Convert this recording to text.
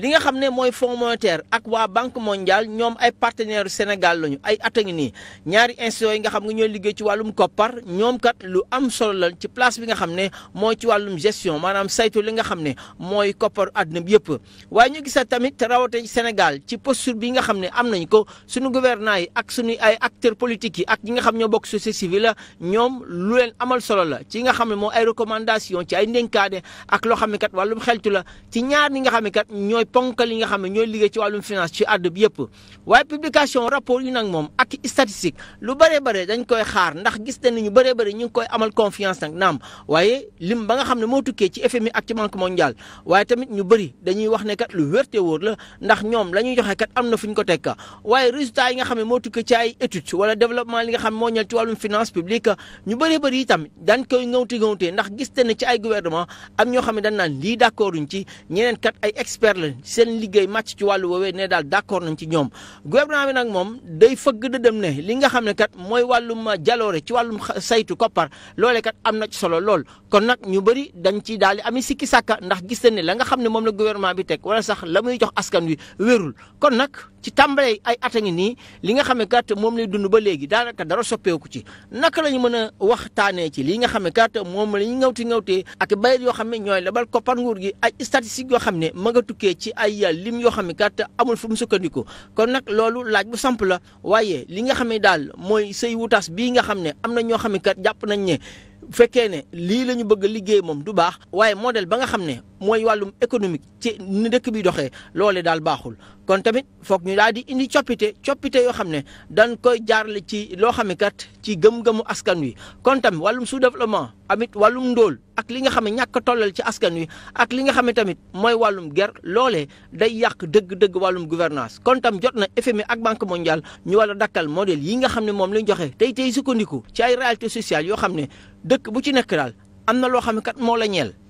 li nga xam ne mooy fonds monétaire ak waa banque mondiale ñoom ay partenaires Sénégal lañu ay at a ngi ñaari institutions yi nga xam nga ñooy liggéey ci wàllum koppar ñoom kat lu am solo la ci place bi nga xam ne mooy ci wàllum gestion maanaam saytu li nga xam ne mooy koppar àdduna bi yëpp. waaye ñu gisa tamit rawatina Sénégal ci posture bi nga xam ne am nañ ko suñu gouvernants yi ak suñu ay acteurs politiques yi ak ñi nga xam ñoo bokk société civile la ñoom lu leen amal solo la ci nga xam ne moo ay recommandations ci ay ndénkaane ak loo xam wàllum xeltu la ci ñaar ñi nga xam ponkal li nga xam ne ñooy liggéey ci wàllum finance ci àdd bi yëpp waaye publication rapport yi nag moom ak statistique lu bëree bëri dañ koy xaar ndax gis nañu ñu bëree bëri ñu ngi koy amal confiance nag naam waaye lim ba nga xam ne moo tukkee ci FMI ak ci Banque mondiale waaye tamit ñu bëri dañuy wax ne kat lu wérte la ndax ñoom la ñuy joxe kat am na fu ñu ko teg waaye résultat yi nga xam ne moo tukkee ci ay études wala développement li nga xam moo ñal ci wàllum finance publique ñu bëree bëri itam dañ koy ngawti ngawtee ndax gis ne ci ay gouvernement am ñoo xam ne dañ naan lii d'accord ci ñeneen kat ay expert la seen liggéey màcc ci wàllu woowee ne daal d'accord nañ ci ñoom gouvernement bi nag moom day fëgg dëdëm ne li nga xam ne kat mooy wàllum jaloore ci wàllum saytu koppar loolee am na ci solo lool kon nag ñu bëri dañ ci daal di ami sikki sàkka ndax gis nañ la nga xam ne moom la gouvernement bi teg wala sax la muy jox askan wi wérul kon nag ci tàmbale ay at a li nga xam ne kat moom lay dund ba léegi daanaka dara soppeeku ci naka la ñu mën a waxtaanee ci lii nga xam ne kat moom la ñu ngawti ngawtee ak bayit yoo xam ne ñooy lebal koppar nguur gi ay statistiques yoo xam ne ma nga tukkee ci ay lim yoo xam ne kat amul fu mu sukkandiku kon nag loolu laaj bu samp la waaye li nga xam ne daal mooy sëy wutaas bii nga xam ne am na ñoo xam jàpp nañ ne bu fekkee ne lii la ñu bëgg liggéey moom du baax waaye modèle ba nga xam ne mooy wàllum économique ci ni dëkk bi doxee loole daal baaxul kon tamit foog ñu daal di indi coppite coppite yoo xam ne dañ koy jaarale ci loo xam ne kat ci gëm-gëmu askan wi kon tamit wàllum sous-développement amit wàllum ndóol ak li nga xam ne ñàkk tollal ci askan wi ak li nga xam ne tamit mooy wàllum ger loolee day yàq dëgg-dëgg wàllum gouvernance kon tam jot na FMI ak Banque mondiale ñu war dakkal modèle yi nga xam ne moom lañ joxe tey tey sukkandiku ci ay réalité sociale yoo xam ne dëkk bu ci nekk daal am na loo xam ne moo la ñeel